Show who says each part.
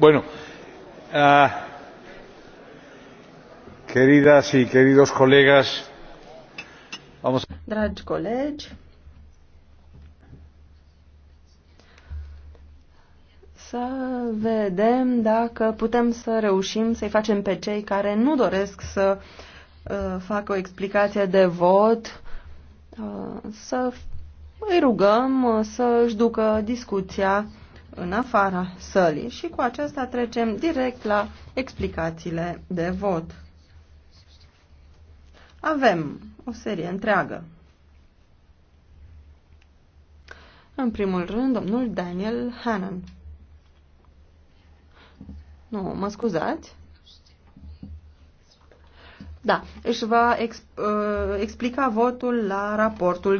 Speaker 1: Bueno, uh, queridas y queridos colegas,
Speaker 2: vamos. Dragi colegi, să vedem dacă putem să reușim să-i facem pe cei care nu doresc să uh, facă o explicație de vot, uh, să îi rugăm uh, să-și ducă discuția în afara sălii. Și cu aceasta trecem direct la explicațiile de vot. Avem o serie întreagă. În primul rând, domnul Daniel Hannan. Nu, mă scuzați? Da, își va exp, uh, explica votul la raportul